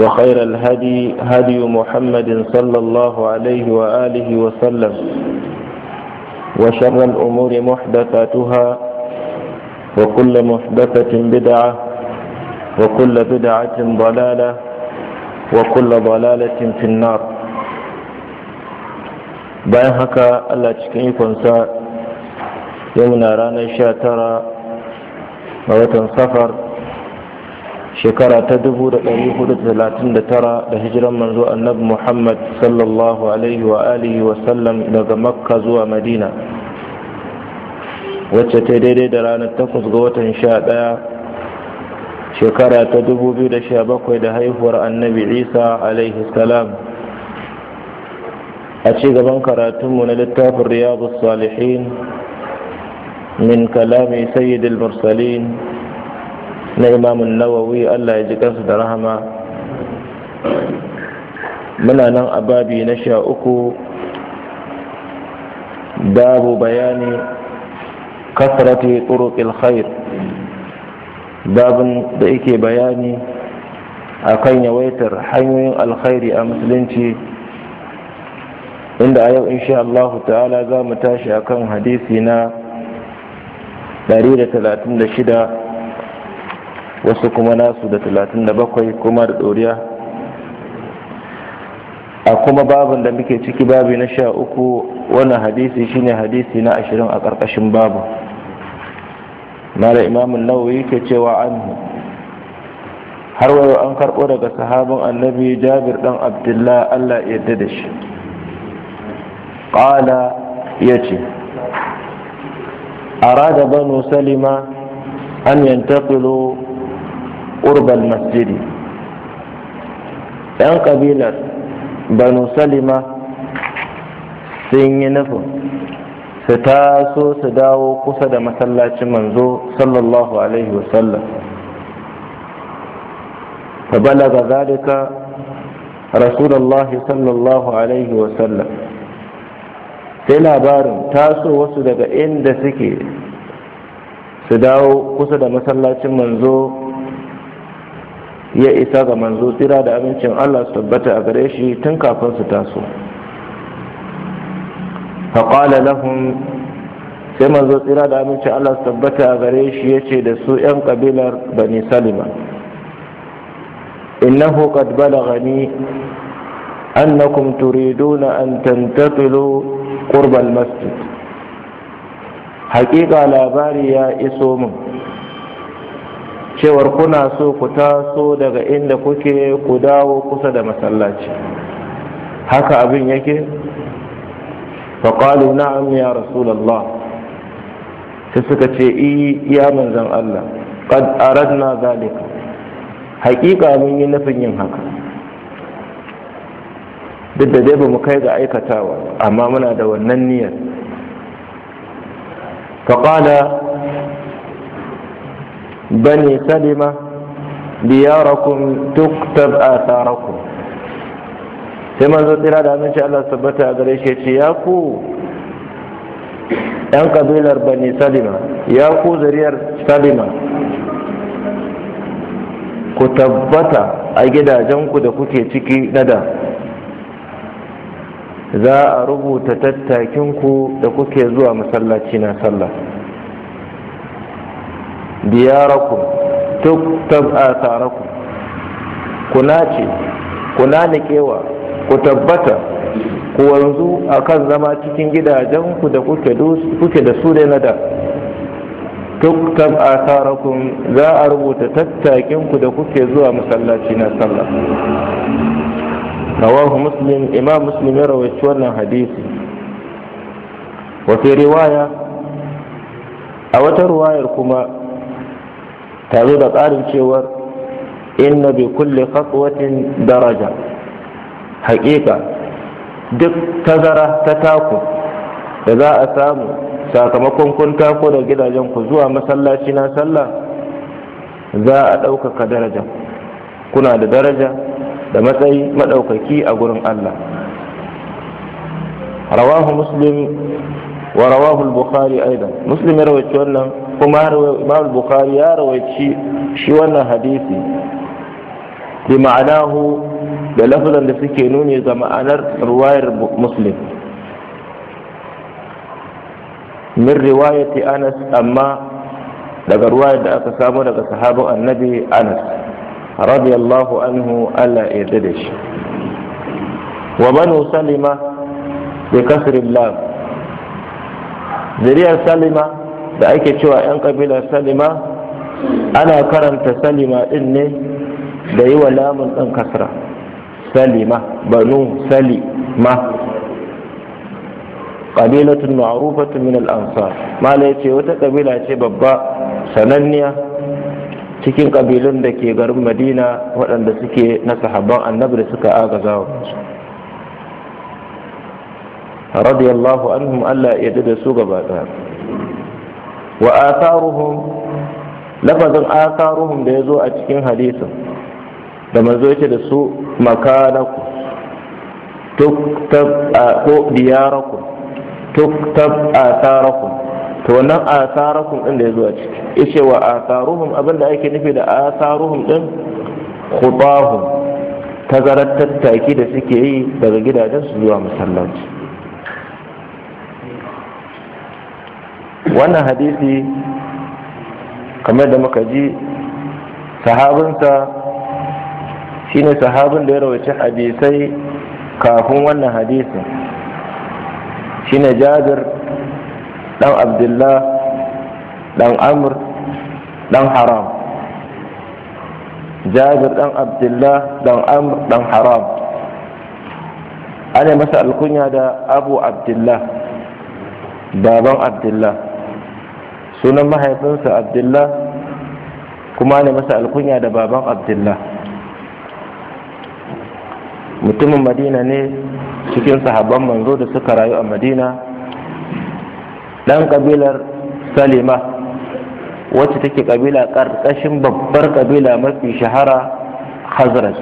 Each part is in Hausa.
وخير الهدي هدي محمد صلى الله عليه وآله وسلم وشر الأمور محدثاتها وكل محدثة بدعة وكل بدعة ضلالة وكل ضلالة في النار bayan haka Allah cikin ikonsa yau na ranar sha tara a watan safar shekara ta dubu da hudu da da da talatin tara hijiran manzo annabi muhammad sallallahu alaihi wa alihi sallam daga makka zuwa madina wacce ta daidai da ranar takwas ga watan sha ɗaya shekara ta biyu da haihuwar annabi isa alaihi salam a ci gaban karatunmu na littafin riyadu salihin min kalami sayyidil mursalin na imamun nawawi allah ya ji kansu da rahama muna nan a babi na sha uku babu bayani kasarati turuqil khair babin da yake bayani a kan yawaitar hanyoyin alkhairi a musulunci inda a yau insha Allah ta'ala za mu tashi akan hadisi na 136 wasu kuma nasu da talatin da bakwai kuma da ɗoriya a kuma babin da muke ciki babi na sha uku wannan hadisi shine hadisi na ashirin a ƙarƙashin babu mara imamun nawawi ke cewa an har wayo an karɓo daga sahabin annabi jabir ɗan abdullah allah yadda da shi ƙala ya ce A rada banu salima an yantaƙilo Ƙurbal masjidi yan kabilar banu salima sun yi nufin su taso su dawo kusa da masallacin manzo sallallahu alaihi wasallam فبلغ ذلك رسول الله sallallahu alaihi wa sallam. sai labarin taso wasu daga inda suke su dawo kusa da masallacin manzo ya isa ga manzo tsira da amincin Allah su tabbata a gare shi tun kafin su taso faƙala lahum sai manzo tsira da amincin Allah su tabbata a gare shi ya ce da su 'yan ƙabilar bani salima innahu qad balaghani annakum turiduna an tantaqilu qurbal masjid haƙiƙa labari ya iso min cewar kuna so ku taso daga inda kuke ku dawo kusa da masallaci haka abin yake faƙalu na'am ya rasulallah ta suka ce iya manzan Allah qad aradna zalika haƙiƙa mun yi nufin yin haka duk da dai ba mu kai ga aikatawa amma muna da wannan niyyar faƙala bani salima diyarakum tuktab atharakum sai manzo tsira da aminci Allah sabbata a gare shi ce ya ku yan kabilar bani salima ya ku zariyar salima ku tabbata a gidajenku da kuke ciki na da za a rubuta tattakinku da kuke zuwa masallaci na sallah diyarakum tuktab atharakum kuna ce kuna nikewa ku tabbata ku wanzu akan zama cikin gidajenku da kuke da su da na da tuktab atharakum za a rubuta tattakinku da kuke zuwa masallaci na sallah rawahu muslim imam muslim ya rawaici wannan hadisi wa fi riwaya a wata ruwayar kuma tare da tsarin cewar inna bi kulli khatwatin daraja haƙiƙa duk tazara ta taku da za a samu sakamakon kun tako da gidajen ku zuwa masallaci na sallah za a ɗaukaka daraja kuna da daraja da matsayi maɗaukaki a gurin Allah rawahu muslim wa rawahu al-bukhari aidan muslim ya rawaito wannan kuma imam bukhari ya rawaici shi wannan hadisi bi ma'anahu da lafazan da suke nuni ga ma'anar ruwayar muslim min riwayati anas amma daga ruwayar da aka samu daga sahabin annabi anas radiyallahu anhu allah ya da shi wa banu salima bi kasri lam zuriyar salima da ake cewa 'yan ƙabila salima ana karanta salima din ne da yi wa lamun ɗin kasra salima banu salima ƙabilatun ma'arufatun min al'ansar mala ya ce wata ƙabila ce babba sananniya cikin ƙabilun da ke garin madina waɗanda suke na sahabban annabi da suka agaza wa radiyallahu anhum allah ya da su gaba ɗaya wa atharuhum lafazin atharuhum da ya zo a cikin hadisin da manzo yake da su makanaku tuktab ko diyarakum tuktab atharakum to wannan atharakum din da ya zo a ciki yace wa atharuhum abinda ake nufi da atharuhum din khutahum tazarar tattaki da suke yi daga gidajen su zuwa masallaci wannan hadisi kamar da muka ji sahabinsa shine sahabin da ya rawaci hadisai kafin wannan hadisin shine jabir dan abdullah dan amr dan haram jabir dan abdullah dan amr dan haram ana masa alkunya da abu abdullah baban abdullah sunan mahaifinsa abdullah kuma ne masa alkunya da baban abdullah mutumin madina ne cikin sahaban manzo da suka rayu a madina ɗan ƙabilar salima wacce take ƙabila ƙarƙashin babbar ƙabila mafi shahara khazraj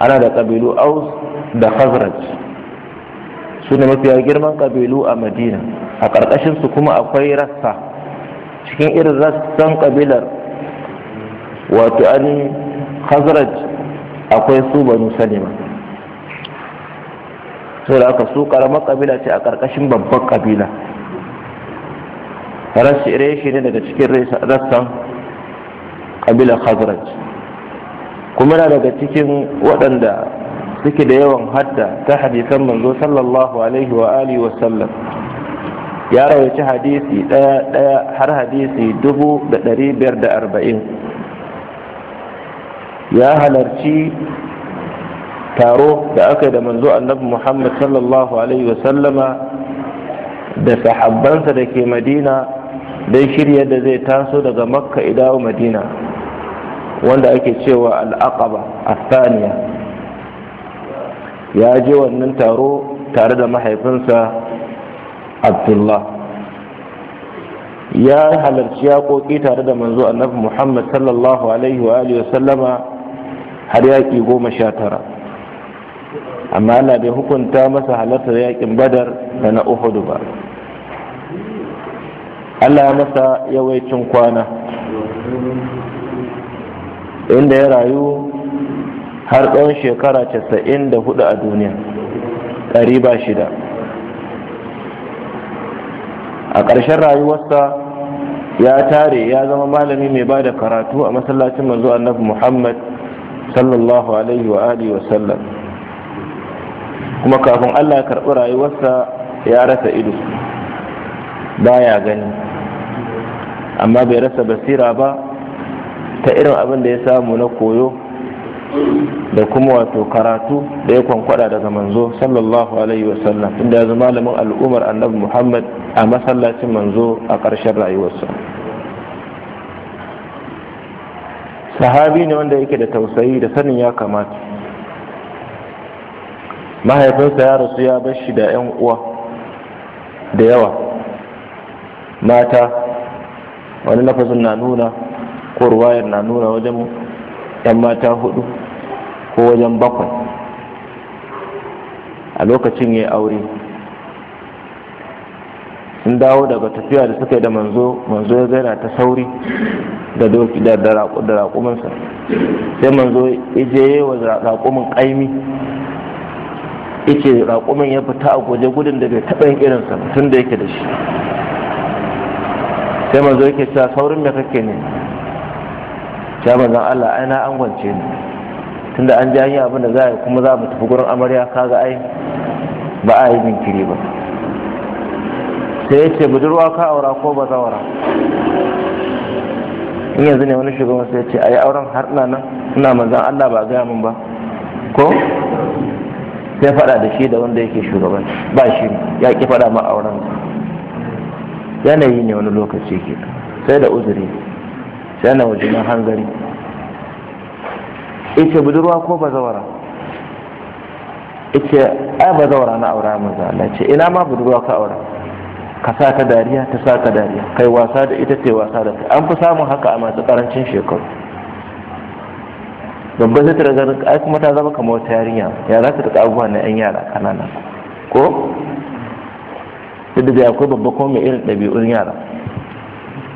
ana da ƙabilu aus da khazraj su ne mafiya girman ƙabilu a madina a ƙarƙashinsu kuma akwai rassa cikin irin rassan kabilar wato an khazraj akwai su banu salima da aka su karamar kabila ce a karkashin babban kabila rashi reshi ne daga cikin rassan kabilar hazraj kuma na daga cikin waɗanda suke da yawan hadda ta hadisan manzo sallallahu alaihi wa alihi wa sallam ya rawaci hadisi ɗaya ɗaya har hadisi dubu da ɗari biyar da arba'in ya halarci taro da aka yi da manzo annabi muhammad sallallahu alaihi wasallama da sahabbansa da ke madina don shirya da zai taso daga makka idawo madina wanda ake cewa al'aqaba a ya je wannan taro tare da mahaifinsa abdullah ya halarci koki tare da manzo annabi muhammad sallallahu alaihi wa alihi sallama har yaƙi goma sha tara amma ana bai hukunta masa halartar yaƙin badar da na uhudu ba allah ya masa yawaicin kwana inda ya rayu har tsawon shekara 94 a duniya ɗari ba shida a ƙarshen rayuwarsa ya tare ya zama malami mai ba da karatu a masallacin manzo annabi muhammad sallallahu alaihi wa alihi wa sallam kuma kafin allah ya karɓi rayuwarsa ya rasa ido baya gani amma bai rasa basira ba ta irin abin da ya samu na koyo da kuma wato karatu da ya kwankwada daga manzo sallallahu alaihi wa sallam inda ya zama malamin al'ummar annabi muhammad a masallacin manzo a ƙarshen rayuwarsa sahabi ne wanda yake da tausayi da sanin ya kamata mahaifinsa ya rasu ya bar shi da 'yan uwa da yawa mata wani lafazin na nuna ko ruwayar na nuna wajen 'yan mata hudu ko wajen bakwai a lokacin ya yi aure sun dawo daga tafiya da suka yi da manzo manzo ya gaira ta sauri da doki da raƙuminsa sai manzo ya je wa raƙumin ƙaimi yace raƙumin ya fita a goje gudun da bai taɓa yin irinsa tun da yake da shi sai manzo yake cewa saurin mai kake ne ta mazan Allah ai na angwance ne tunda an ji an yi abin da za a yi kuma za mu tafi gurin amarya kaga ai ba a yi jinkiri ba sai ya ce budurwa ka aura ko ba zawara in yanzu ne wani shugaban sai ya ce a yi auren har ina nan ina manzan allah ba gaya min ba ko sai faɗa da shi da wanda yake shugaban ba shi ya ki faɗa ma auren yanayi ne wani lokaci ke sai da uzuri sai na wajen hangari ice budurwa ko bazawara ice ai zawara na aura maza Allah ce ina ma budurwa ka aura ka sa ta dariya ta sa ka dariya kai wasa da ita ce wasa da an fi samun haka a masu karancin shekaru babban sai ta zarar ai kuma ta zama kamar wata yarinya yara ta daga abubuwa na yan yara kanana ko duk da akwai babba ko mai irin ɗabi'un yara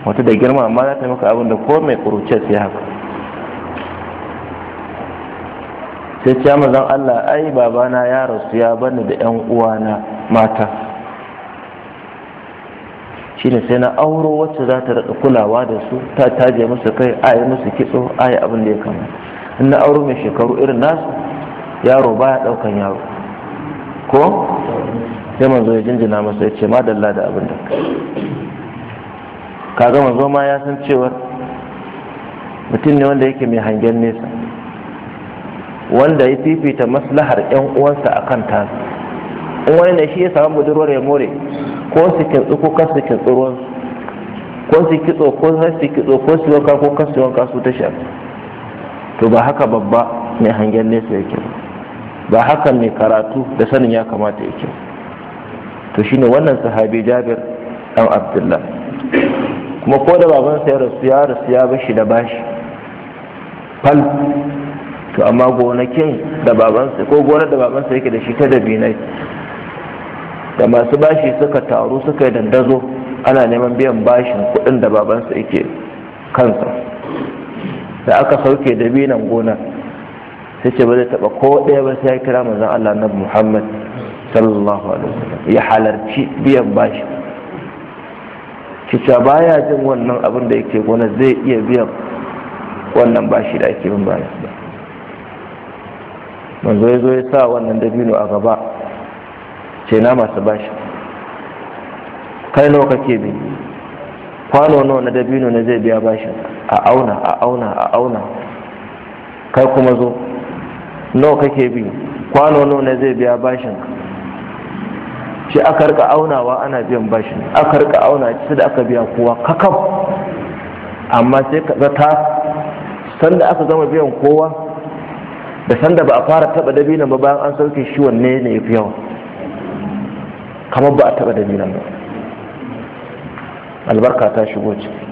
wata da girma amma za ta maka abin da ko mai ƙuruce sai haka sai ce mazan Allah ai babana ya rasu ya bani da yan uwana mata shine sai na auro wacce za ta rika kulawa da su ta taje musu kai a yi musu kitso a yi abin da ya kama in na auro mai shekaru irin nasu yaro baya daukan yaro ko sai manzo ya jinjina masa ya ce madalla da abin da kaga manzo ma ya san cewa mutum ne wanda yake mai hangen nesa wanda ya fifita maslahar yan uwansa akan tasu in wani ne shi ya samu budurwar ya more ko su kitso ko kasu kitso ruwan ko su kitso ko su kitso ko su wanka ko kasu wanka su ta to ba haka babba mai hangen nesa yake ba haka mai karatu da sanin ya kamata yake to shine wannan sahabi jabir dan abdullah kuma ko da baban sa ya rasu ya rasu ya bashi da bashi fal to amma gonakin da babansa ko gonar da babansa yake da shi ta dabinai da masu bashi suka taru suka yi dandazo ana neman biyan bashin kuɗin da babansa yake kansa da aka sauke da binan gona sai ce ba zai taɓa ko ɗaya ba sai ya kira manzon Allah na Muhammad sallallahu alaihi wasallam ya halarci biyan bashi kica baya jin wannan abin da yake gona zai iya biyan wannan bashi da ake bin bayan manzo ya zo ya sa wannan dabino a gaba ce na masu bashi kai nawa kake bi kwano nawa na dabino na zai biya bashi a auna a auna a auna kai kuma zo nawa kake bi kwano nawa na zai biya bashin shi aka rika aunawa ana biyan bashin aka rika auna shi da aka biya kowa kakam. amma sai ka zata sanda aka gama biyan kowa da sanda ba a fara taba dabino ba bayan an sauke shi wanne ne ya fi yawa kamar ba a taɓa dabinan ba albarka ta shigo ciki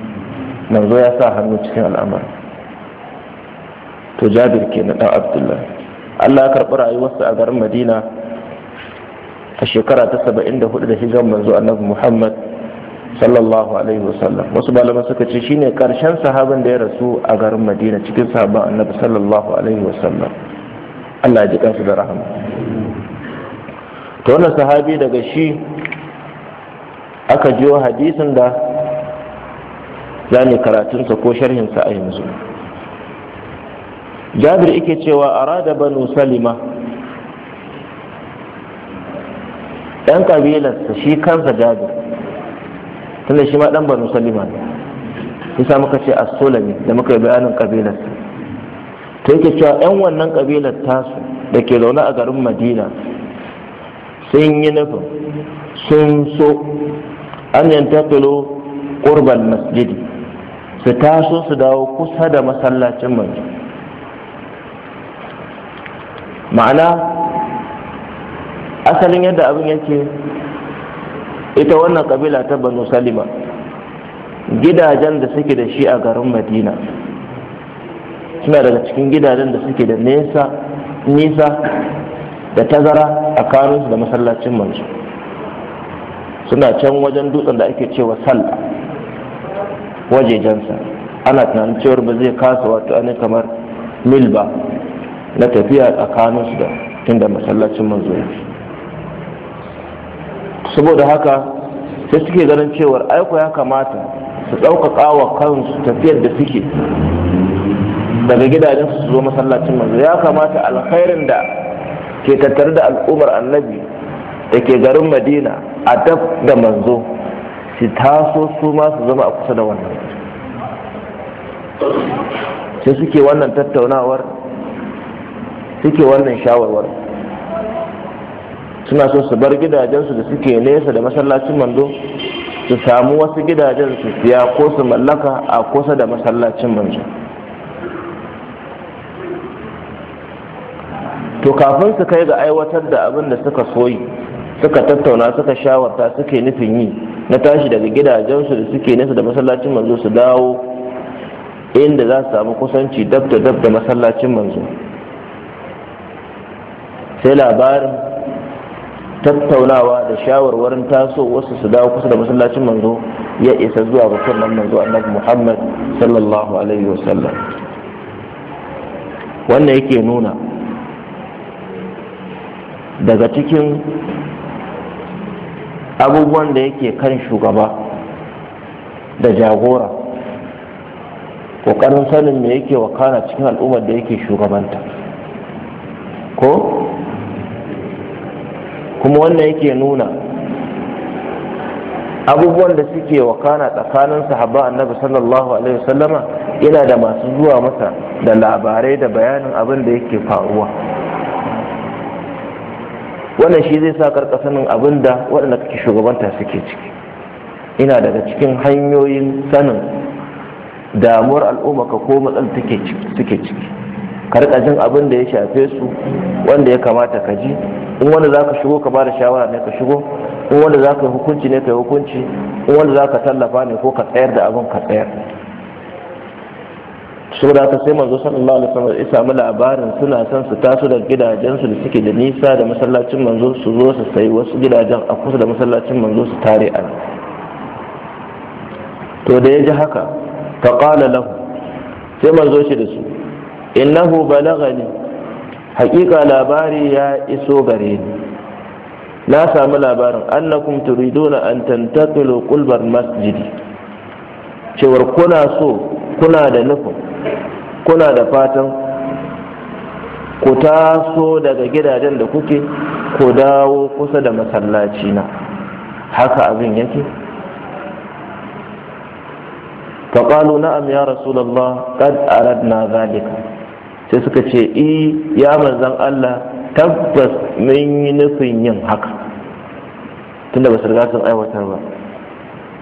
manzo ya sa hannu cikin al'amari to jabir ke na ɗan abdullahi allah ya karɓi rayuwarsa a garin madina a shekara ta saba'in da hudu da hijiran manzo annabi muhammad sallallahu alaihi wasallam wasu malaman suka ce shine karshen sahaban da ya rasu a garin madina cikin sahabin annabi sallallahu alaihi wasallam allah ya ji kansu da rahama to wannan sahabi daga shi aka jiyo hadisin da za ne karatunsa ko sharhinsa a yanzu jabir ike cewa arada banu salima ɗan ƙabilarsa shi kansa jabir tunda shi ma ɗan banu salima ne kusa muka ce as-sulami da muka yi bayanin ƙabilarsa to yake cewa 'yan wannan kabilar tasu da ke zaune a garin madina sun yi nufin sun so an yantakilo ƙurban masjidi su taso su dawo kusa da masallacin manzo ma'ana asalin yadda abin yake ita wannan kabila ta banu salima gidajen da suke da shi a garin madina suna daga cikin gidajen da suke da nesa nisa da tazara tsakaninsu da masallacin manzo suna can wajen dutsen da ake cewa sallah wajejensa ana tunanin cewar ba zai kasa wato ainihin kamar mil ba na tafiya tsakaninsu da tunda masallacin manzo saboda haka sai suke ganin cewar aiko ya kamata su ɗaukaka wa kansu tafiyar da suke daga gidajen su zo masallacin manzo ya kamata alkhairin da ke tattare da al'ummar annabi da ke garin madina a daf da manzo su taso su ma su zama a kusa da wannan sai suke wannan tattaunawar suke wannan shawarwar suna so su bar gidajensu da suke nesa da masallacin manzo su samu wasu gidajen su siya ko su mallaka a kusa da masallacin manzo to kafin su kai ga aiwatar da abin da suka soyi suka tattauna suka shawarta suke nufin yi na tashi daga gidajensu da suke nesa da masallacin manzo su dawo inda za su samu kusanci dab da dab da masallacin manzo sai labarin tattaunawa da shawarwarin taso wasu su dawo kusa da masallacin manzo ya isa zuwa ga sunan manzo annabi muhammad sallallahu alaihi wasallam wannan yake nuna daga cikin abubuwan da yake kan shugaba da jagora ƙoƙarin sanin me yake wakana cikin al'ummar da yake shugabanta ko kuma wannan yake nuna abubuwan da suke wakana tsakanin sahaba annabi sallallahu alaihi wasallama yana da masu zuwa masa da labarai da bayanin abin da yake faruwa wannan shi zai sa karka sanin abin da waɗanda kake shugabanta suke ciki ina daga cikin hanyoyin sanin damuwar al'umma ka ko matsal suke ciki karka jin abin da ya shafe su wanda ya kamata ka ji in wanda za shigo ka ba shawara ne ka shigo in wanda za hukunci ne ka hukunci in wanda zaka tallafa ne ko ka tsayar da abin ka tsayar saboda haka sai manzo sallallahu alaihi wasallam ya samu labarin suna son su taso da gidajensu da suke da nisa da masallacin manzo su zo su sai wasu gidajen a kusa da masallacin manzo su tare a nan to da ya ji haka fa qala lahu sai manzo shi da su innahu balagani Hakika labari ya iso gare ni na samu labarin annakum turiduna an tantaqilu qulbar masjidi cewar kuna so kuna da nufin kuna da fatan ku taso daga gidajen da kuke ku dawo kusa da masallaci na haka abin yake faƙalu na'am ya rasulallah kad na zalika sai suka ce i ya manzan Allah tabbas mun yi nufin yin haka tunda ba su riga sun aiwatar ba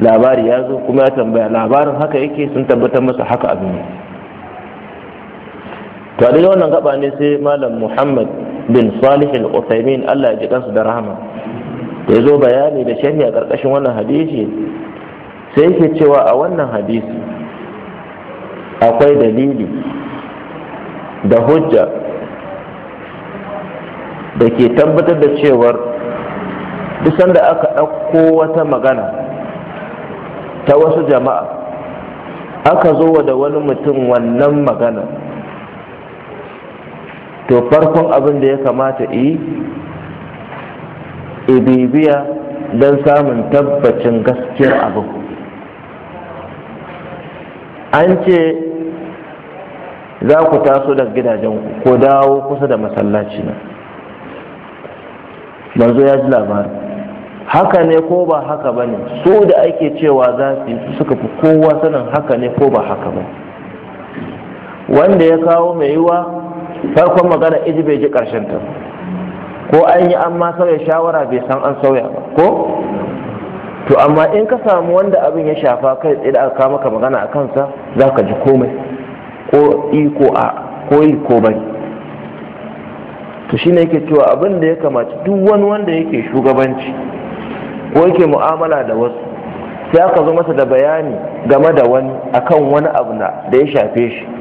labari ya zo kuma ya tambaya labarin haka yake sun tabbatar masa haka abin yake to a wannan gaba ne sai malam muhammad bin salih al-uthaymin Allah ya ji kansu da rahama ya zo bayani da sharhi a karkashin wannan hadisi sai yake cewa a wannan hadisi akwai dalili da hujja da ke tabbatar da cewar duk sanda aka ɗauko wata magana ta wasu jama'a aka zo da wani mutum wannan magana to farkon abin da ya kamata yi ibibiya don samun tabbacin gaskiyar abin an ce za ku taso daga gidajen ko dawo kusa da masallaci na manzo ya ji labarin haka ne ko ba haka ba ne so da ake cewa za su yi suka fi kowa sanin haka ne ko ba haka ba wanda ya kawo mai yiwa farkon magana iji bai ji karshen ta ko an yi an ma sauya shawara bai san an sauya ba ko to amma in ka samu wanda abin ya shafa kai tsaye da aka maka magana a kansa za ka ji komai ko ko a ko yi ko bai to shine yake cewa abin da ya kamata duk wani wanda yake shugabanci ko yake mu'amala da wasu sai aka zo masa da bayani game da wani akan wani abu da ya shafe shi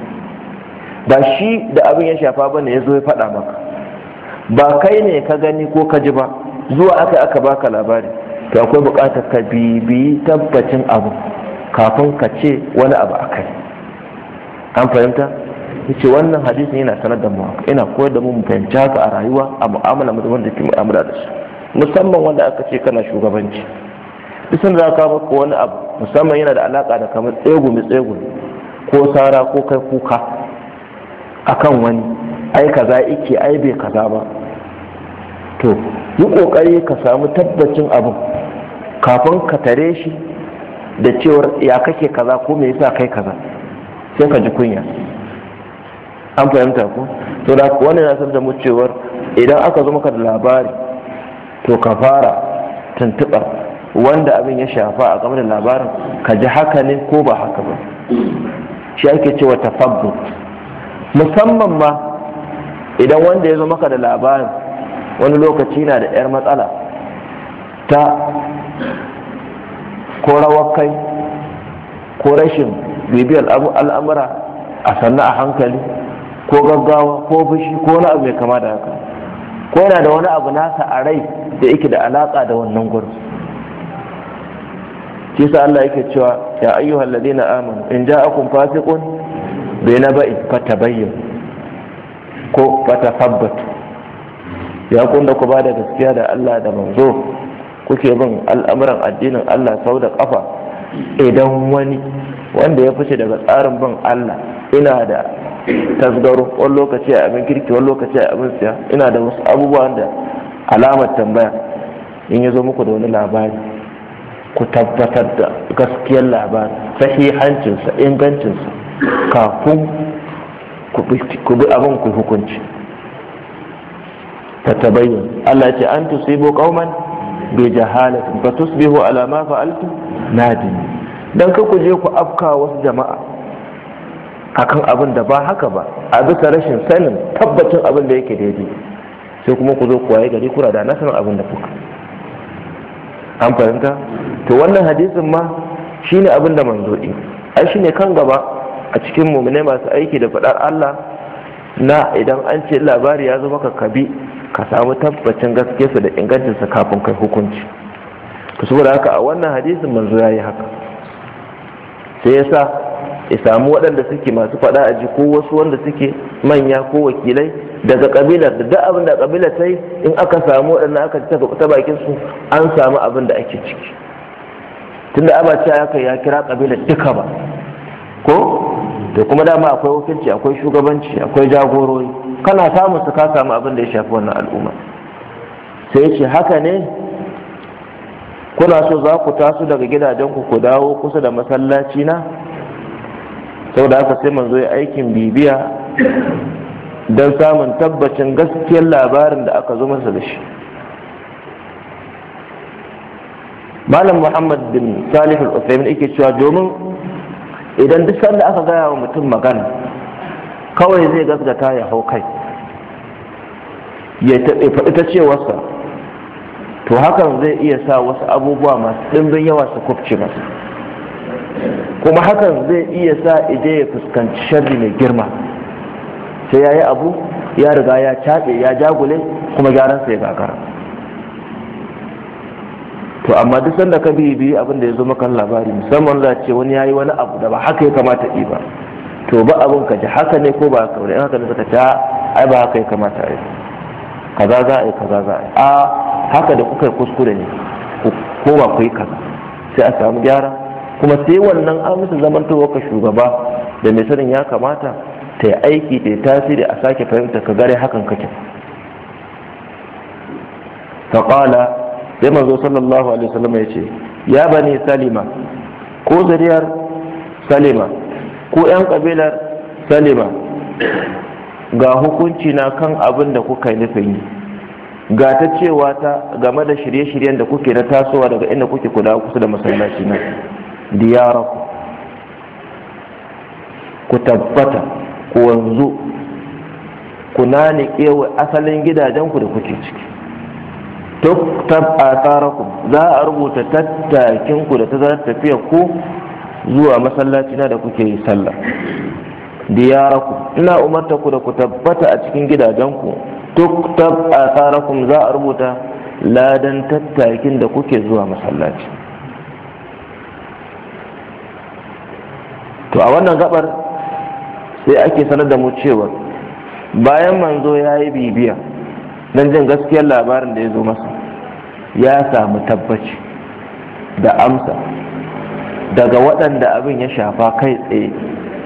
ba shi da abin ya shafa ba ne ya zo ya faɗa maka ba kai ne ka gani ko ka ji ba zuwa aka aka baka labari to akwai buƙatar ka bibiyi tabbacin abu kafin ka ce wani abu a kai an fahimta ce wannan hadisi yana sanar da mu ina koyar da mu mu fahimci haka a rayuwa a mu'amala mu wanda ke mu'amala da su musamman wanda aka ce kana shugabanci duk sanda za ka maka wani abu musamman yana da alaka da kamar tsegumi tsegumi ko sara ko kai kuka akan wani ai kaza ike ai bai kaza ba to yi kokari ka samu tabbacin abin kafin ka tare shi da cewar ya kake kaza ko me yasa kai kaza sai ka ji kunya an fahimta ko to da wannan ya san da mu cewar idan aka zo maka da labari to ka fara tuntuɓar wanda abin ya shafa a game da labarin ka ji haka ne ko ba haka ba shi ake cewa tafabbut musamman ma idan wanda ya zo maka da labarin wani lokaci na da 'yar matsala ta ko kai ko rashin bibiyar al'amura a sannu a hankali ko gaggawa ko fushi ko wani abu mai kama da haka ko yana da wani abu nasa a rai da yake da alaka da wannan gurin shi sa Allah yake cewa ya ayyuhal ladina amanu in ja'akum fasiqun bai na ba'i fatabayyin ko fatafabbatu ya kunda ku ba da gaskiya da Allah da manzo kuke bin al'amuran addinin Allah sau da kafa idan wani wanda ya fice daga tsarin bin Allah ina da tasgaro wani lokaci a abin kirki wani lokaci a abin siya ina da wasu abubuwan da alamar tambaya in ya zo muku da wani labari ku tabbatar da gaskiyar labari sahihancinsa ingancinsa kafin ku bi abin ku hukunci ta tabayyan Allah ce an tusibu kauman bi jahalatin fa tusbihu ala ma fa'altu nadim dan ka ku je ku afka wasu jama'a akan abin da ba haka ba a bisa rashin sanin tabbacin abin da yake daidai sai kuma ku zo ku waye gari kura da nasarar abin da kuka an fahimta to wannan hadisin ma shine abin da manzo ai shine kan gaba a cikin muminai masu aiki da faɗar Allah na idan an ce labari ya zama maka kabi ka samu tabbacin gaskiyarsa da ingancinsa kafin kai hukunci to saboda haka a wannan hadisin manzo yi haka sai ya sa ya samu waɗanda suke masu faɗa a ji ko wasu wanda suke manya ko wakilai daga kabilar da duk abin da kabila ta yi in aka samu waɗanda aka ta bakin su an samu abin da ake ciki tunda aba ce aka ya kira kabilar duka ba ko to kuma dama akwai wakilci akwai shugabanci akwai jagorori kana samun su ka samu abin da ya shafi wannan al'umma sai ya ce haka ne kuna so za ku taso daga gidajen ku ku dawo kusa da masallaci na saboda haka sai manzo ya aikin bibiya don samun tabbacin gaskiyar labarin da aka zo masa da shi malam muhammad bin salih al yake cewa domin idan duk sanda aka gaya wa mutum magana kawai zai gasgata ya hau kai ya faɗi ta cewarsa to hakan zai iya sa wasu abubuwa masu ɗimbin yawa su kufce masa kuma hakan zai iya sa ije ya fuskanci sharri mai girma sai ya yi abu ya riga ya caɓe ya jagule kuma gyaransa ya gagara to amma duk sanda ka bibi abin da ya zo maka labari musamman za ce wani yayi wani abu da ba haka ya kamata yi ba to ba abun ka ji haka ne ko ba haka ne haka ne suka ta ah, ai ba haka ya kamata yi kaza za a yi kaza za a yi a ah, haka da kuka kuskure ne ko ba ku yi kaza sai a samu gyara kuma sai wannan amsa to ka shugaba da mai sanin ya kamata ta yi aiki ta yi tasiri a sake fahimta ka gare hakan kake faƙala sai manzo sallallahu alaihi wasallam ya ce ya bani salima ko zariyar salima ko yan kabilar salima ga hukunci na kan abin da kuka nufin yi ga ta cewa ta game da shirye-shiryen da kuke na tasowa daga inda kuke kula kusa da masallaci na diyaraku ku tabbata ku wanzu ku nanike kewa asalin gidajenku da kuke ciki tuktab atharakum za a rubuta tattakin ku da tazarar tafiya ku zuwa masallaci na da kuke yi sallah diyaraku ina umarta ku da ku tabbata a cikin gidajenku tuktab atharakum za a rubuta ladan tattakin da kuke zuwa masallaci to a wannan gabar sai ake sanar da mu cewa bayan manzo ya yi bibiya don jin gaskiyar labarin da ya zo masa ya samu tabbaci da amsa daga waɗanda abin ya shafa kai tsaye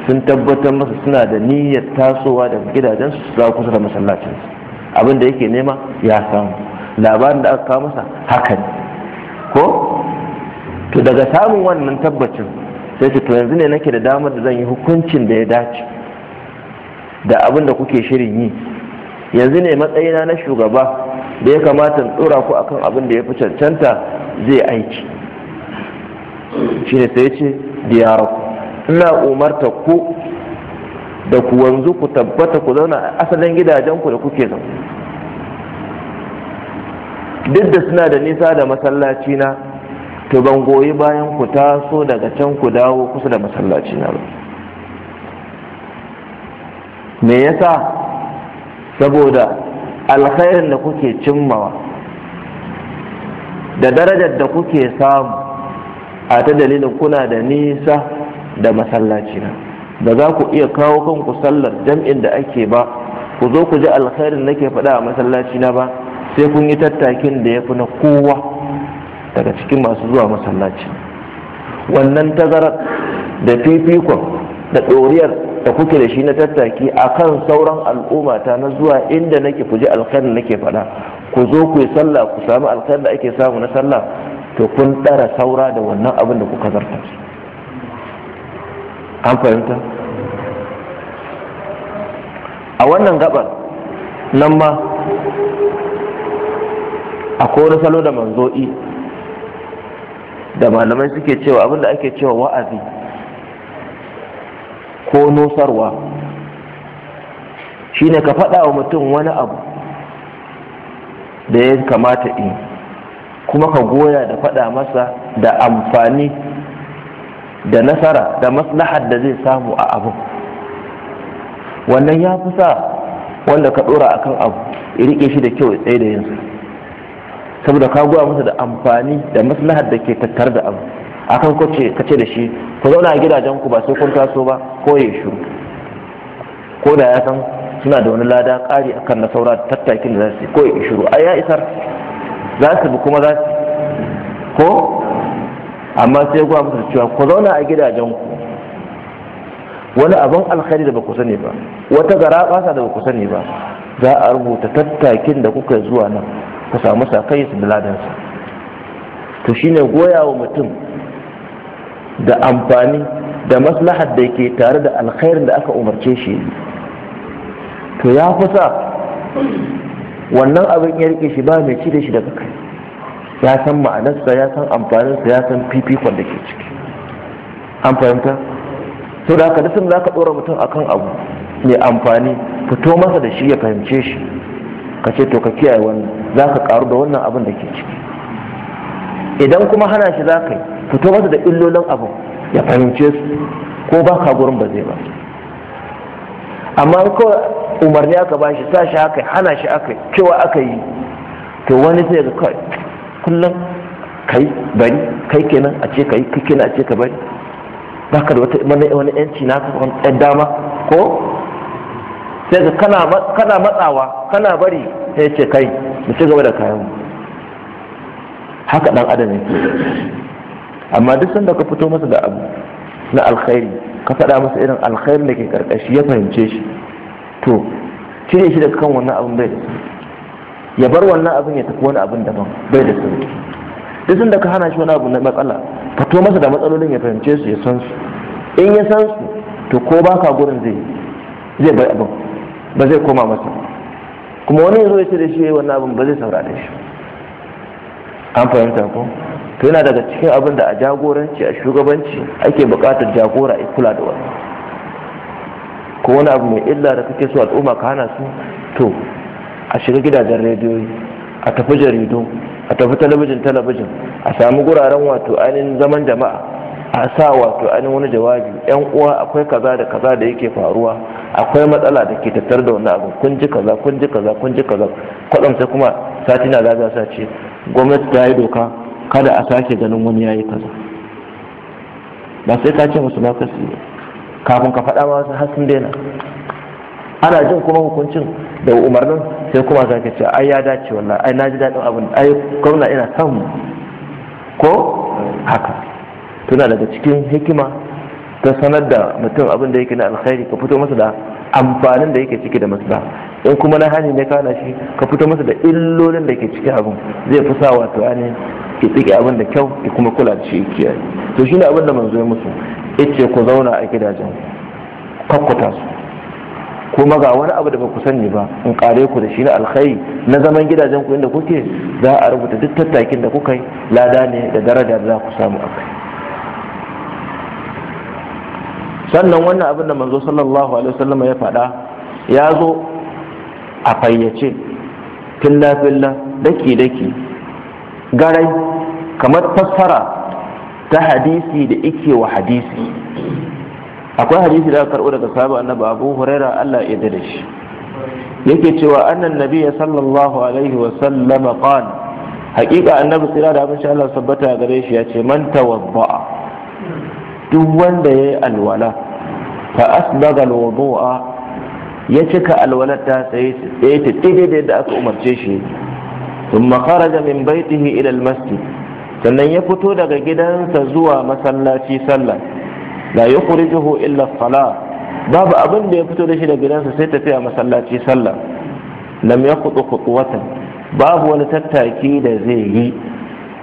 sun tabbatar masa suna da niyyar tasowa daga gidajensu su za kusa da masallacinsu abin da yake nema ya samu labarin da aka kawo masa haka ne ko to daga samun wannan tabbacin sai ce to yanzu ne nake da damar da zan yi hukuncin da ya dace da abin da kuke shirin yi yanzu ne matsayina na shugaba da ya kamata in tsora ku akan abin da ya fi cancanta zai aiki shi ne sai ce ku ina umarta ku da ku wanzu ku tabbata ku zauna a asalin gidajenku da kuke zama. duk da suna da nisa da masallaci na to ban goyi bayan ku taso daga can ku dawo kusa da masallaci na ba me yasa saboda alkhairin da kuke cimmawa da darajar da kuke samu a ta dalilin kuna da nisa da masallaci na ba za ku iya kawo kanku sallar jam'in da ake ba ku zo ku ji alkhairin nake faɗa a masallaci na ba sai kun yi tattakin da ya fi na kowa daga cikin masu zuwa masallaci wannan tazarar da fifikon da ɗoriyar da kuke da shi na tattaki akan sauran al'ummata ta na zuwa inda nake fuji ji nake faɗa ku zo ku yi sallah ku samu alkhairin da ake samu na sallah to kun ɗara saura da wannan abin da kuka zarta an fahimta a wannan gabar nan ma ko na salo da manzo'i da malamai suke cewa abin da ake cewa wa'azi ko Shi shine ka faɗa wa mutum wani abu da ya kamata in kuma ka goya da faɗa masa da amfani da nasara da maslahar da zai samu a abin wannan ya fi sa wanda ka ɗora a kan abu ya riƙe shi da kyau ya tsaye da yinsa saboda ka goya masa da amfani da maslahar da ke tattar da abu akan ka kace da shi ku zauna a gidajen ku ba sai kun taso ba ko ya shuru? ko da ya san suna da wani lada ƙari akan na saura tattakin da za su ko ya shiru ai ya isar za su bi kuma za su ko amma sai kuwa musu cewa ku zauna a gidajen ku wani abin alkhairi da ba ku sani ba wata gara basa da ba ku sani ba za a rubuta tattakin da kuka zuwa nan ku samu sakai su da ladansa to shine goya wa mutum da amfani da maslahar da ke tare da alkhairin da aka umarce shi to ya fusa wannan abin ya rike shi ba mai cire shi daga kai ya san ma'anarsa ya san amfaninsa ya san fifikon da ke ciki an fahimta to da haka dukkan za ka ɗora mutum akan abu mai amfani fito masa da shi ya fahimce shi ka ce to ka kiyaye wannan za ka karu da wannan abin da ke ciki idan kuma hana shi za ka yi fito masa da illolin abu ya fahimce su ko ba ka gurin ba zai ba amma kawai umarni aka ba shi sashi aka hana shi aka cewa aka yi to wani sai ga kawai kullum kai bari kai kenan a ce kai kai kenan a ce ka bari baka da wata wani yanci na wani dama ko sai ga kana matsawa kana bari sai ce kai mu ci gaba da kayan haka dan adam yake amma duk sanda ka fito masa da abu na alkhairi ka faɗa masa irin alkhairi da ke karkashi ya fahimce shi to cire shi daga kan wannan abin bai da sauki ya bar wannan abin ya tafi wani abin daban bai da sauki duk sanda ka hana shi wani abu na matsala fito masa da matsalolin ya fahimce su ya san su in ya san su to ko ba ka gurin zai zai bai abin ba zai koma masa kuma wani ya zo ya ce da shi wannan abin ba zai saurare shi an fahimta ko to yana daga cikin abin da a jagoranci a shugabanci ake buƙatar jagora ya kula da wani ko wani abu mai illa da kake so al'umma ka hana su to a shiga gidajen rediyoyi a tafi jaridu a tafi talabijin talabijin a sami guraren wato ainihin zaman jama'a a sa wato ainihin wani jawabi yan uwa akwai kaza da kaza da yake faruwa akwai matsala da ke tattar da wannan abu kun ji kaza kun ji kaza kun ji kaza kwaɗam sai kuma sati na zaga sace gwamnati ta yi doka kada a sake ganin wani yayi kaza ba sai ka ce musu na ka kafin ka faɗa ma wasu har sun daina ana jin kuma hukuncin da umarnin sai kuma za ka ce ai ya dace wannan ai na ji daɗin abin ai gwamna ina son ko haka tuna daga cikin hikima ta sanar da mutum abin da yake na alkhairi ka fito masa da amfanin da yake ciki da maslaha in kuma na hani ne kana shi ka fito masa da illolin da ke ciki abin zai fi sa wato ainihin ki tsike abin da kyau ki kuma kula da shi kiyaye to shine abin da manzo ya musu yace ku zauna a gidajen kakkuta su kuma ga wani abu da ba ku sani ba in kare ku da shi na alkhairi na zaman gidajen ku inda kuke za a rubuta duk tattakin da kuka yi lada ne da daraja da za ku samu a kai sannan wannan abin da manzo sallallahu alaihi wasallam ya faɗa ya zo a fayyace tun lafiya daki daki garai kamar fassara ta hadisi da ike wa hadisi akwai hadisi da aka karɓo daga sahabu annabi abu huraira allah ya da shi yake cewa annan nabiya sallallahu alaihi wa sallama qan haƙiƙa annabi tsira da abin Allah sabbata gare shi ya ce man tawadda'a duk wanda ya yi alwala fa asbaga alwudu'a ya cika alwalar ta tsaye ta tsaye da aka umarce shi thumma kharaja min baitihi ila almasjid sannan ya fito daga gidansa zuwa masallaci sallah la yukhrijuhu illa salah babu abin da ya fito da shi daga gidansa sai tafiya masallaci sallah lam yaqutu khutwatan babu wani tattaki da zai yi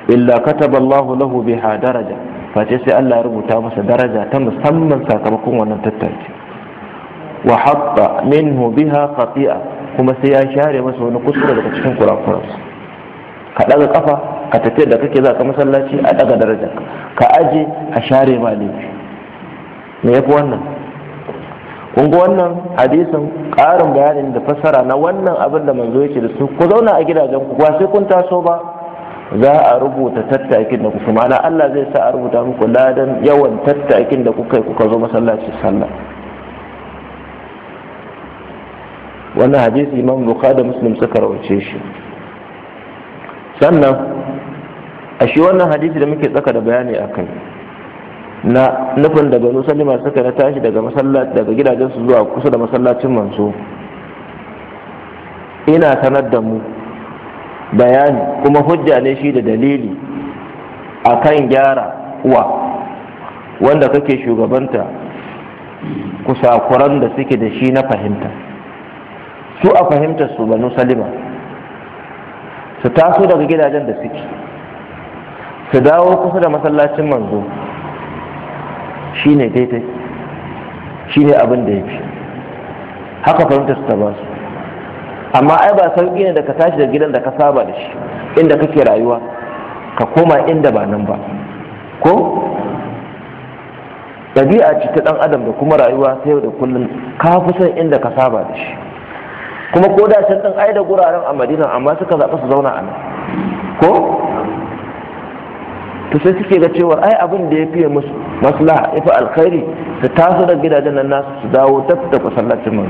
illa kataba Allahu lahu biha daraja face sai Allah ya rubuta masa daraja ta musamman sakamakon wannan tattaki wa hatta minhu biha khati'a kuma sai ya share masa wani kuskure daga cikin kurakuransa ka ɗaga kafa ka tafi da kake za ka masallaci a daga daraja ka aje a share ma laifi me yafi wannan kun ga wannan hadisin ƙarin bayanin da fassara na wannan abin da manzo yake da su ku zauna a gidajen ku ba sai kun taso ba za a rubuta tattakin da kuka mana Allah zai sa a rubuta muku ladan yawan tattakin da kuka yi kuka zo masallaci sallah wannan hadisi imam bukhari da muslim suka rawace shi sannan a shi wannan hadisi da muke tsaka da bayani a kai na nufin da banu salima suka na tashi daga masallaci daga gidajensu zuwa kusa da masallacin manso ina sanar da mu bayani kuma hujja ne shi da dalili a kan gyara uwa wanda kake shugabanta kusakuran da suke da shi na fahimta su a fahimtar su ba salima su taso daga gidajen da suke su dawo kusa da masallacin manzo shi ne daidai shi ne abin da ya fi haka fahimta su ta ba su amma ai ba sauƙi ne da ka tashi da gidan da ka saba da shi inda kake rayuwa ka koma inda ba nan ba ko ɗabi'a ce ta ɗan adam da kuma rayuwa ta yau da kullum ka fi son inda ka saba da shi kuma ko da can ai da guraren a madina amma suka zaɓa su zauna a nan ko to sai suke ga cewa ai abin da ya fiye musu maslaha ya alkhairi su taso da gidajen nan nasu su dawo ta da masallacin mu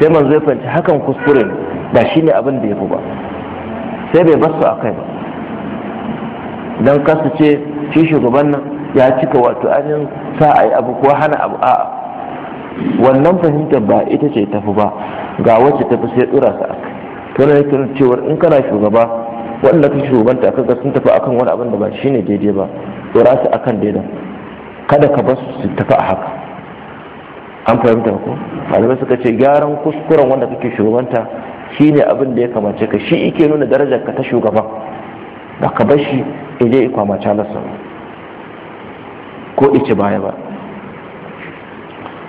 sai man zai fahimci hakan kuskure ba shi ne abin da ya fi ba sai bai basu a kai ba dan kasu ce shi shugaban nan ya cika wato an sa a abu ko hana abu a'a wannan fahimtar ba ita ce tafi ba ga wacce tafi sai tsura su aka to ne yake cewa in kana shugaba wanda ka shugabanta kaga sun tafi akan wani abin da ba shine daidai ba tsura su akan daidai kada ka bar su tafi a haka an fahimta ko malamai suka ce gyaran kuskuren wanda kake shugabanta shine abin da ya kamace ka shi yake nuna darajar ka ta shugaban ba ka bar shi ije ikwama calasa ko ice baya ba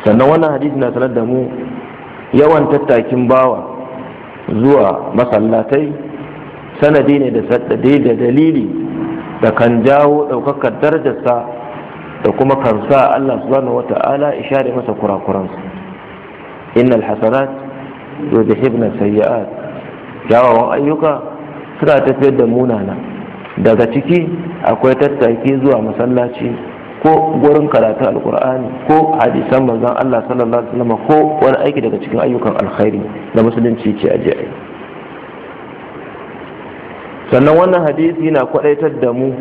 sannan wannan hadisi na sanar da mu yawan tattakin bawa zuwa masallatai sanadi ne da da dalili da kan jawo ɗaukakar darajarsa da kuma kan sa Allah subhanahu wata'ala ishare masa kurakuransa innal hasanat yudhibna sayyi'at kyawawan ayyuka suna tafiyar da munana daga ciki akwai tattaki zuwa masallaci ko gurin karatu alkur'ani ko hadisan manzon Allah sallallahu alaihi wasallam ko wani aiki daga cikin ayyukan alkhairi da musulunci ce aje ai sannan wannan hadisi yana kwadaitar da mu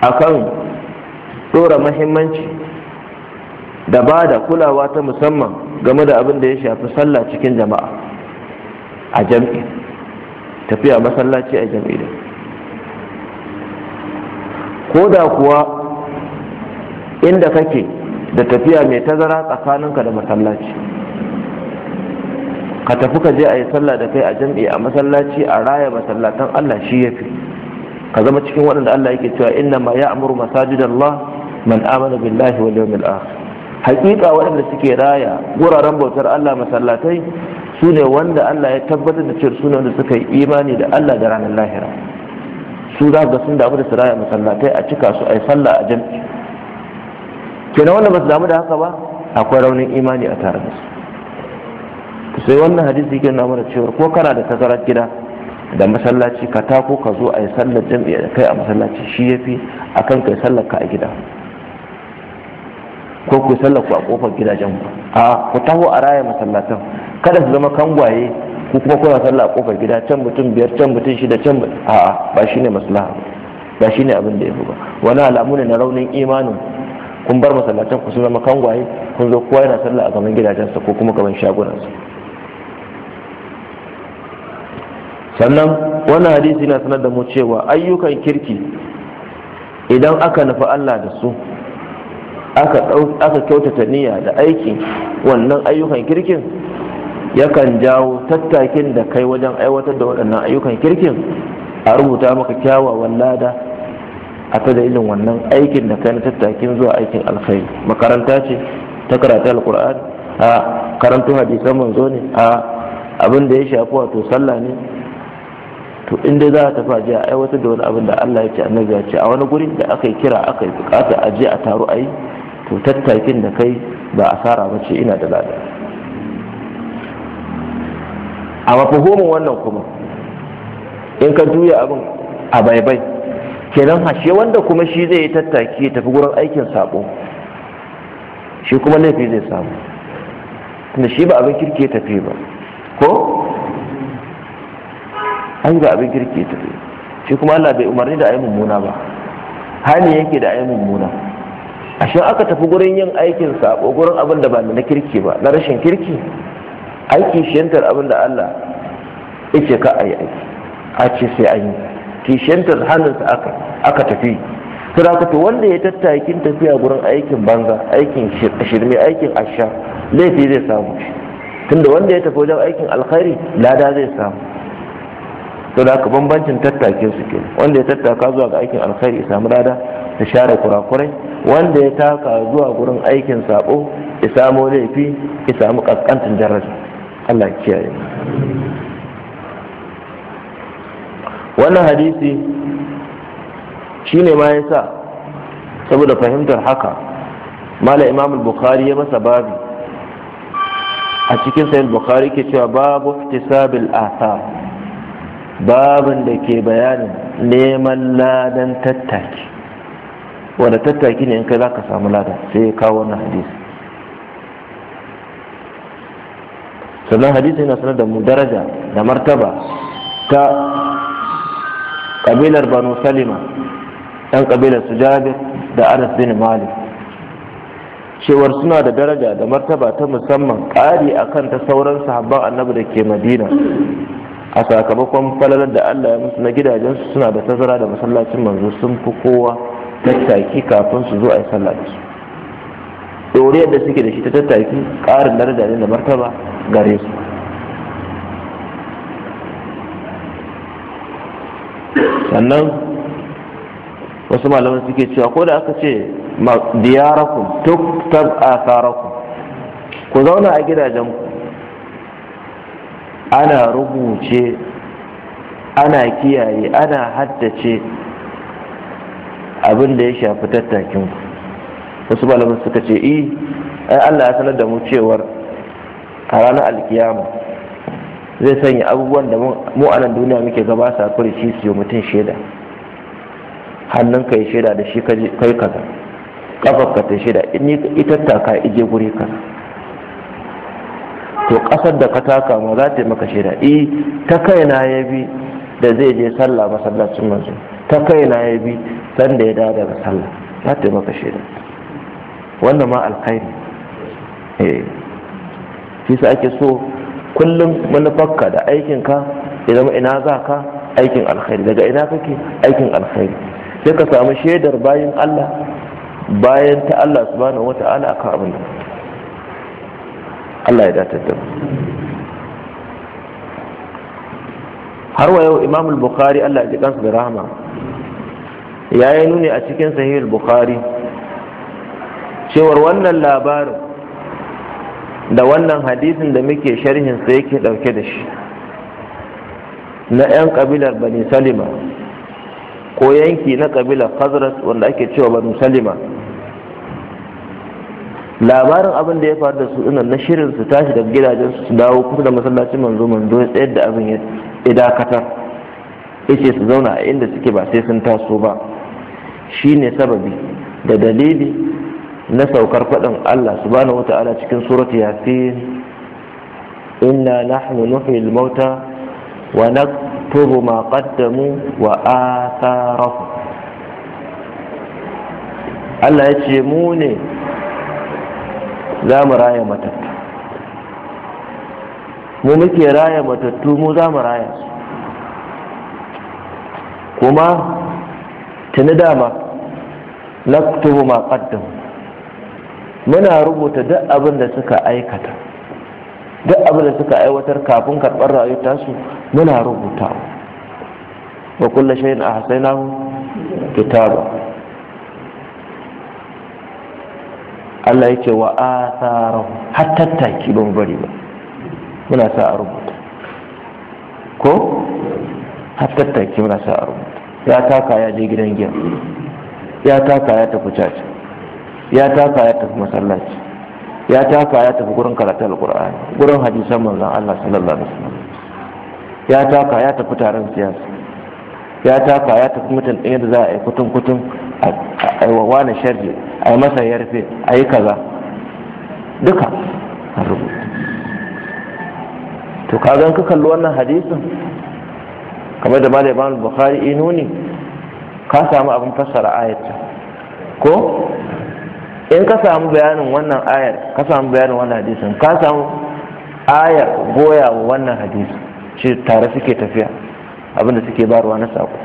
akan dora muhimmanci da ba da kulawa ta musamman game da abin da ya shafi sallah cikin jama'a a jam'i tafiya masallaci a jam'i ko da kuwa inda kake da tafiya mai tazara tsakaninka da masallaci ka tafi ka je a yi sallah da kai a jam'i a masallaci a raya masallatan Allah shi yafi ka zama cikin waɗanda Allah yake cewa inna ma ya'muru masajidallah man amana billahi wal yawmil akhir hakika waɗanda suke raya wuraren bautar Allah masallatai su ne wanda Allah ya tabbatar da cewa su ne wanda suka yi imani da Allah da ranar lahira su za ga sun damu da su raya masallatai a cika su a yi sallah a jam'i kenan wannan ba su damu da haka ba akwai raunin imani a tare da su sai wannan hadisi yake nuna mana cewa ko kana da tazarar gida da masallaci ka tako ka zo a yi sallar da kai a masallaci shi ya fi a kan ka yi sallar ka a gida ko ku sallar ku a kofar gidajen ku a ku taho a raya masallatan kada su zama kangwaye ku kuma kuna sallar a kofar gida can mutum biyar can mutum shida can a ba shi ne maslaha ba ne abin da fi ba wani alamu ne na raunin imanin kun bar masallacin ku su zama kangwaye kun zo kowa yana sallah a gaban gidajensa ko kuma gaban shagunansa sannan wannan hadisi na sanar da mu cewa ayyukan kirki idan aka nufi Allah da su aka kyautata niyya da aikin wannan ayyukan kirkin yakan jawo tattakin da kai wajen aiwatar da waɗannan ayyukan kirkin a rubuta maka kyawawan lada a ta ilin wannan aikin da kai na tattakin zuwa aikin alkhairi makaranta ce ta karatu alkur'ani a karanto hadisan manzo ne a abin da ya shafi wato sallah ne to inda za a tafi aje a aiwatar da wani abin da Allah ya ce annabi ya ce a wani guri da aka yi kira aka yi bukata aje a taro ayi, to tattakin da kai ba asara ba ce ina da lada a mafahimin wannan kuma in ka juya abin a baibai kenan hashe wanda kuma shi zai yi tattaki ya tafi gurin aikin sabo shi kuma laifi zai samu tunda shi ba abin kirki ya tafi ba ko an ba abin kirki ya tafi shi kuma Allah bai umarni da ayi mummuna ba hani yake da ayi mummuna a shi aka tafi gurin yin aikin sabo gurin abin da ba na kirki ba na rashin kirki aiki shiyantar abin da Allah yake ka ayi aiki a ce sai an yi kishiyantar halinsa aka aka tafi sarakatu wanda ya tattakin tafiya gurin aikin banza aikin shirme aikin asha laifi zai samu tunda wanda ya tafi wajen aikin alkhairi lada zai samu to da ka bambancin tattake su ke wanda ya tattaka zuwa ga aikin alkhairi ya samu lada ta share kurakurai wanda ya taka zuwa gurin aikin sabo ya samu laifi ya samu kaskantin daraja Allah kiyaye wannan hadisi shine ma ya sa saboda fahimtar haka mala imam bukhari ya masa babi a cikin sayin bukhari ke cewa babu ihtisabil Asa, babin da ke bayanin neman ladan tattaki wanda tattaki ne in kai za ka samu lada sai ya kawo wannan hadisi sannan hadisi yana sanar da mu daraja da martaba ta kabilar banu salima ɗan kabilar su jabir da anas bin malik cewar suna da daraja da martaba ta musamman ƙari kan ta sauran sahabban annabi da ke madina a sakamakon falalar da allah ya musu na gidajensu suna da tazara da masallacin manzo sun fi kowa tattaki kafin su zo a yi sallah da su da suke da shi ta tattaki ƙarin daraja ne da martaba gare su sannan wasu malaman suke cewa ko da aka ce diyarakum tuktab atharakum ku zauna a gidajen ana rubuce ana kiyaye ana haddace abin da ya shafi tattakin wasu malaman suka ce i eh, ai Allah ya sanar da mu cewar a ranar alkiyama zai sanya abubuwan da mu a nan duniya muke gaba sa shi su yi mutum shaida hannun ka yi shaida da shi kai kaza kafar ka ta shaida in ita taka ije guri kaza to kasar da ka taka ma za ta yi maka shaida i ta kaina ya bi da zai je sallah masallacin manzo ta kaina ya bi sanda ya dawo daga sallah za ta yi maka shaida wannan ma alkhairi eh shi sa ake so kullum manufarka da aikinka ya zama ina za ka aikin alkhairi daga ina kake aikin alkhairi sai ka samu shaidar bayan Allah bayan ta Allah subhanahu ta'ala akan abin da Allah ya datar da har wa yau Imam al-Bukhari Allah ya ji kansa da rahama yi nuni a cikin Sahih al-Bukhari cewar wannan labarin da wannan hadisin da muke sharhin sa yake dauke da shi na 'yan kabilar bani salima ko yanki na kabilar khazrat wanda ake cewa bani salima labarin abin da ya faru da su ina na shirin su tashi daga gidajen su dawo kusa da masallacin manzo manzo ya tsayar da abin ya dakatar yace su zauna a inda suke ba sai sun taso ba shine sababi da dalili na saukar faɗin Allah subhanahu wata'ala cikin surat yasin inna nahnu nuhyil mauta wa naktubu ma qaddamu wa atharahu Allah ya ce mu ne za mu raya matattu mu muke raya matattu mu za mu raya kuma tuni dama naktubu ma qaddamu muna rubuta duk abin da suka aikata duk abin da suka aiwatar kafin karɓar rayuwar su muna rubuta wa kulla shayin a hasainahu kitaba Allah yake wa atharahu har tattaki don bari ba muna sa a rubuta ko har tattaki muna sa a rubuta ya taka ya je gidan giya ya taka ya tafi caca ya taka ya tafi masallaci ya taka ya tafi gurin karatu alkur'ani gurin hadisan manzon Allah sallallahu alaihi wasallam ya taka ya tafi taron siyasa ya taka ya tafi mutum ɗin da za a yi kutun kutun a yi wani sharri a yi masa yarfe a yi kaza duka a rubuta to ka zan ka kalli wannan hadisin kamar da malai imam bukhari inu ne ka samu abin fassara ayat ko in ka samu bayanin wannan ayar ka samu bayanin wannan hadisin ka samu ayar goya wa wannan hadisi shi tare suke tafiya abinda suke barwa na sako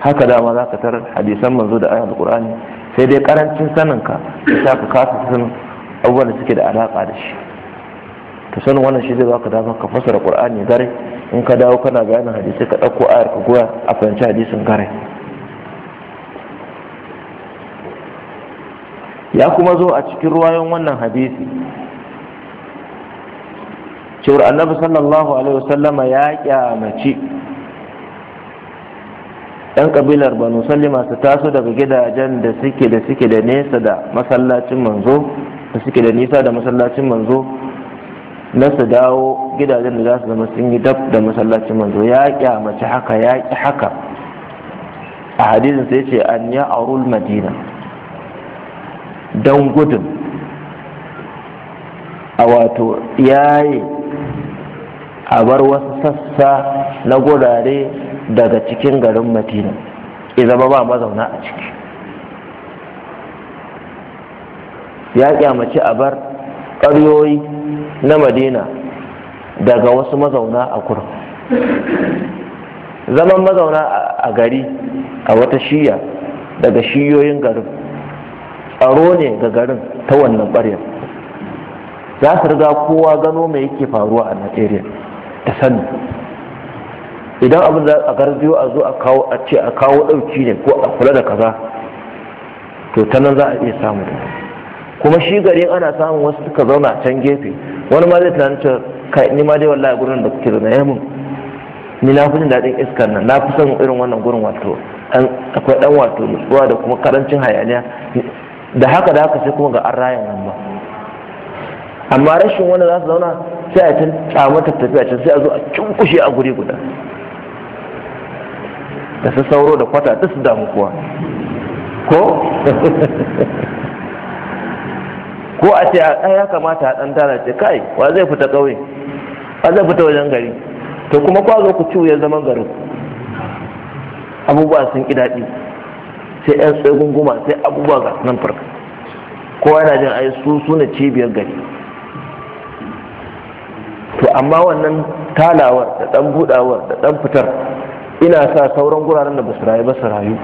haka dama za ka tarar hadisan manzo da ayar alkur'ani sai dai karancin sanin ka ya ka kasa sanin abubuwan da suke da alaka da shi ka sanin wannan shi zai baka dama ka fassara qur'ani gare in ka dawo kana bayanin hadisi ka ɗauko ayar ka goya a fahimci hadisin gare ya kuma zo a cikin ruwayon wannan hadisi cewar annabi sallallahu alaihi wasallama ya kyamaci yan kabilar banu sallima su taso daga gidajen da suke da suke da nesa da masallacin manzo da suke da nisa da masallacin manzo na su dawo gidajen da za su zama sun yi dab da masallacin manzo ya kyamaci haka ya haka a hadisin sai ce an ya aurul madina don gudun a wato yayi a bar wasu sassa na gurare daga cikin garin madina idan ba mazauna a ciki ya kyamaci a bar ƙaryoyi na madina daga wasu mazauna a kurum zaman mazauna a gari a wata shiya daga shiyoyin garin tsaro ne ga garin ta wannan ɓaryar za su riga kowa gano mai yake faruwa a najeriya ta sani idan abin za a garziyo a zo a kawo a ce a kawo ɗauki ne ko a kula da kaza to ta nan za a iya samu kuma shi garin ana samun wasu suka zauna a can gefe wani ma zai tunanin cewa kai ni ma dai wallahi gurin da kuke zaune yamin eh ni na fi jin daɗin iskar nan na fi son irin wannan gurin wato akwai ɗan wato nutsuwa da kuma karancin hayaniya da haka da haka sai kuma ga an rayan nan ba amma rashin wanda za su zauna sai a can tsamata tafiya can sai a zo a cunkushe a guri guda da su sauro da kwata duk su damu kuwa ko ko a ce a ya kamata a ɗan tara ce kai wa zai fita ƙauye wa zai fita wajen gari to kuma kwazo ku ciwo ya zaman garin abubuwa sun ƙi daɗi sai yan tsegunguma sai abubuwa ga nan farka kowa yana jin ai su suna cibiyar gari to amma wannan talawar da dan budawar da dan fitar ina sa sauran guraren da ba su rayu ba su rayu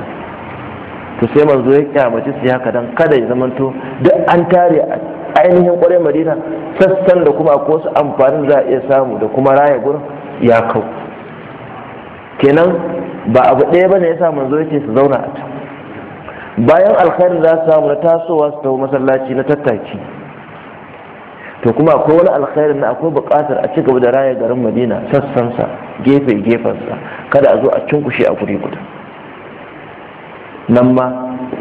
to sai manzo ya kyamaci su haka dan kada ya zamanto duk an tare a ainihin kware madina sassan da kuma ko su amfani za a iya samu da kuma raya gurin ya kau kenan ba abu ɗaya ba ne ya sa manzo ya ce su zauna a can bayan alkhairin za su samu na tasowa su tafi masallaci na tattaki to kuma akwai wani alkhairin na akwai buƙatar a ci gaba da raya garin madina sassansa gefe gefensa kada a zo a cunkushe a guri guda nan ma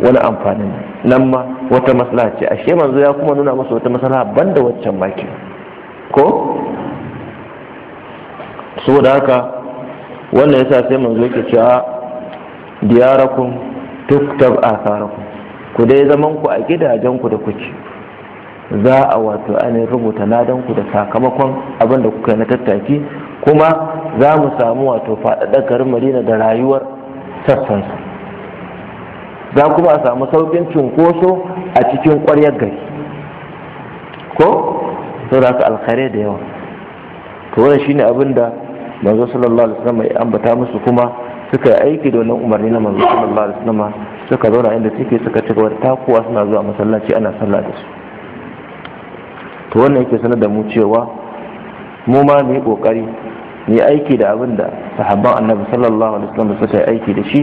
wani amfanin nan ma wata maslaha ce ashe manzo ya kuma nuna masa wata maslaha banda waccan maki ko saboda haka wannan yasa sai manzo yake cewa diyarakum tuktab atharakum ku dai zaman ku a gidajen ku da kuke za a wato ainihin rubuta ladan ku da sakamakon abin da kuka yi na tattaki kuma za mu samu wato faɗaɗa garin madina da rayuwar sassan su za kuma a samu saukin cunkoso a cikin ƙwaryar gari ko saboda ka alkhare da yawa to wannan shine abin da manzo sallallahu alaihi wasallam ya ambata musu kuma suka yi aiki da wannan umarni na manzo sallallahu alaihi wasallam suka zauna inda suke suka ci gaba da takuwa suna zuwa masallaci ana sallah da su to wannan yake sanar da mu cewa mu ma mu yi kokari mu yi aiki da abin da sahabban annabi sallallahu alaihi wasallam suka yi aiki da shi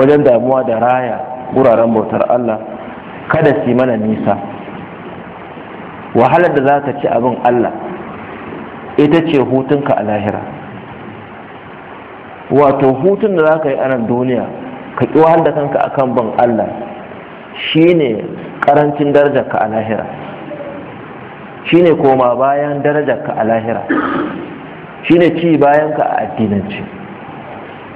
wajen damuwa da raya guraren bautar Allah kada su mana nisa wahalar da za ka ci abin Allah ita ce hutunka a lahira wato hutun da za ka yi a nan duniya ka ƙi wahal da kanka a kan ban Allah ne karancin darajar ka a lahira Shi ne koma bayan darajar a lahira Shi ne ci bayan ka a addinance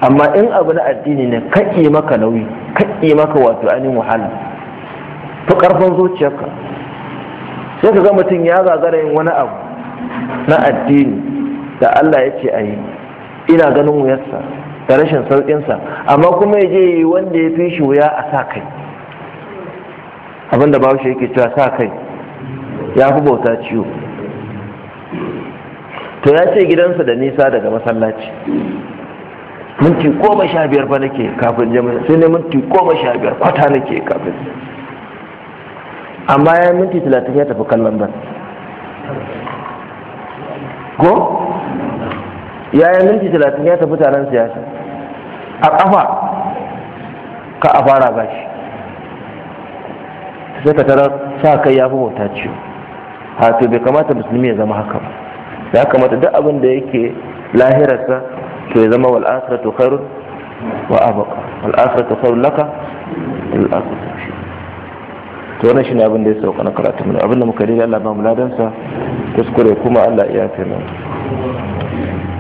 amma in abu na addini ne kaƙi maka nauyi kaƙi maka wato ainihin wahala fi ƙarfin zuciyarka sai ka ga mutum ya gagara yin wani abu na addini da Allah ya ce a yi ina ganin wuyarsa da rashin sauƙinsa amma kuma ya je yi wanda ya fi shi wuya a sa kai abinda bahaushe yake cewa sa kai ya fi bauta ciwo to ya ce gidansa da nisa daga masallaci minti goma sha biyar fa nake kafin jami'a sai ne minti goma sha biyar kwata nake kafin amma ya minti talatin ya tafi kallon ba ko yayin minti talatin ya tafi taron siyasa a ƙafa ka a fara ba shi sai ka tarar sa kai ya fi bauta ciwo to bai kamata musulmi ya zama haka ba ya kamata duk abin da yake lahirarsa to ya zama wal akhiratu khairun wa abqa wal akhiratu khairun laka wal akhiratu to wannan shine abin da ya sauka na karatu mun abin da muka dai Allah ba mu ladansa kuskure kuma Allah ya taimaka.